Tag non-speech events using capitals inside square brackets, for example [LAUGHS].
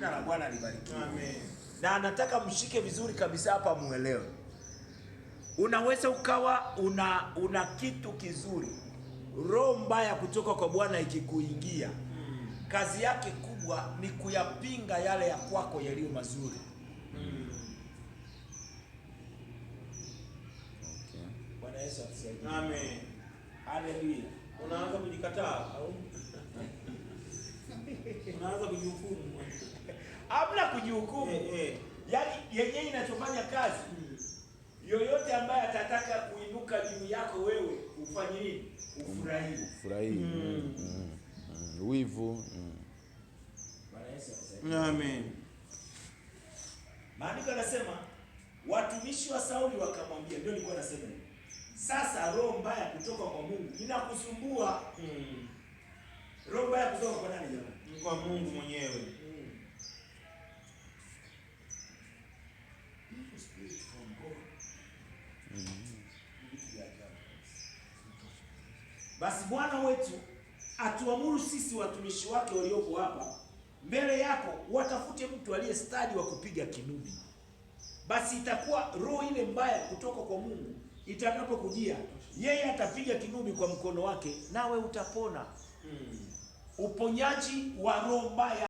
Jina la Bwana libarikiwe. Amen. Na nataka mshike vizuri kabisa hapa, muelewe. Unaweza ukawa una una kitu kizuri, roho mbaya kutoka kwa Bwana ikikuingia, mm. kazi yake kubwa ni kuyapinga yale ya kwako yaliyo mazuri. mm. Okay. Bwana Yesu atusaidie. Amen. Haleluya. Unaanza kujikataa au [LAUGHS] unaanza kujihukumu? kujihukumu eh, eh. Yaani yenyewe inachofanya kazi hmm. yoyote ambaye atataka kuinuka juu yako wewe ufanye nini? Mm, ufurahi. mm. mm. mm. wivu mm. Amen. Maandiko anasema watumishi wa Sauli wakamwambia, ndio nilikuwa nasema hivi. Sasa roho mbaya kutoka kwa Mungu inakusumbua mm. roho mbaya kutoka kwa nani jamani? Kwa Mungu mwenyewe. Basi Bwana wetu atuamuru sisi watumishi wake walioko hapa mbele yako watafute mtu aliyestadi wa kupiga kinubi. Basi itakuwa roho ile mbaya kutoka kwa Mungu itakapokujia, yeye atapiga kinubi kwa mkono wake, nawe utapona. Hmm. Uponyaji wa roho mbaya.